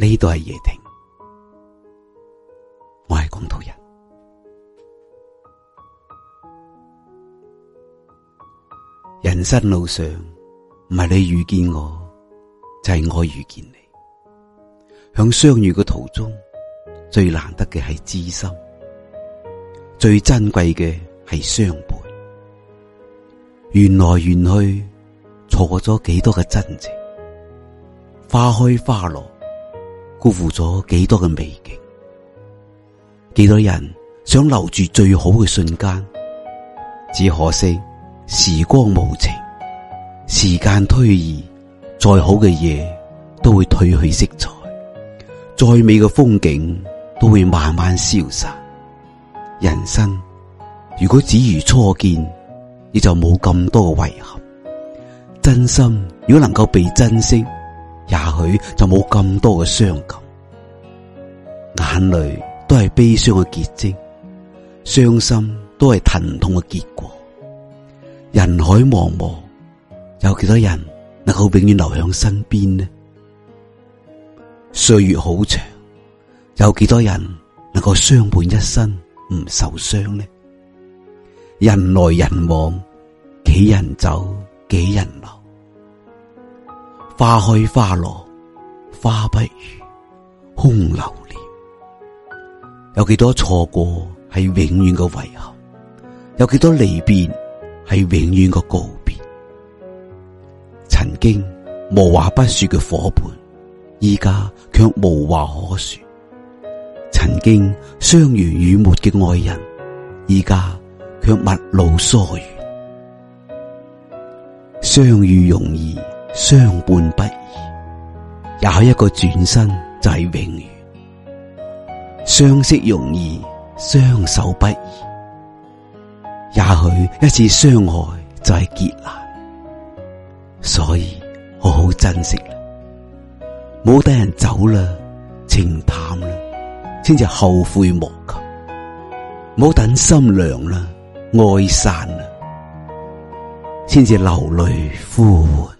呢度係夜亭，我係廣東人。人生路上唔係你遇見我，就係我遇見你。響相遇嘅途中，最難得嘅係知心，最珍貴嘅係相伴。緣來緣去，錯過咗幾多嘅真情。花開花落。辜負咗幾多嘅美景，幾多人想留住最好嘅瞬間？只可惜時光無情，時間推移，再好嘅嘢，都會褪去色彩，再美嘅風景都會慢慢消散。人生如果只如初見，你就冇咁多嘅遺憾。真心如果能夠被珍惜。也許就冇咁多嘅傷感，眼淚都係悲傷嘅結晶，傷心都係疼痛嘅結果。人海茫茫，有幾多人能夠永遠留喺身邊呢？歲月好長，有幾多人能夠相伴一生唔受傷呢？人來人往，幾人走，幾人留。花開花落，花不語，空流念。有幾多錯過係永遠嘅遺憾，有幾多離別係永遠嘅告別。曾經無話不說嘅伙伴，依家卻無話可說。曾經相濡以沫嘅愛人，依家卻陌路疏遠。相遇容易。相伴不易，也許一個轉身就係永遠；相識容易，相守不易。也許一次傷害就係劫難，所以好好珍惜啦。冇等人走啦，情淡啦，先至後悔莫及；冇等心涼啦，愛散啦，先至流淚呼喚。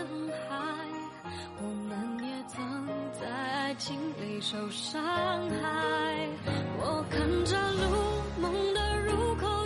人海，我們也曾在愛情裏受傷害，我看着路，夢的入口。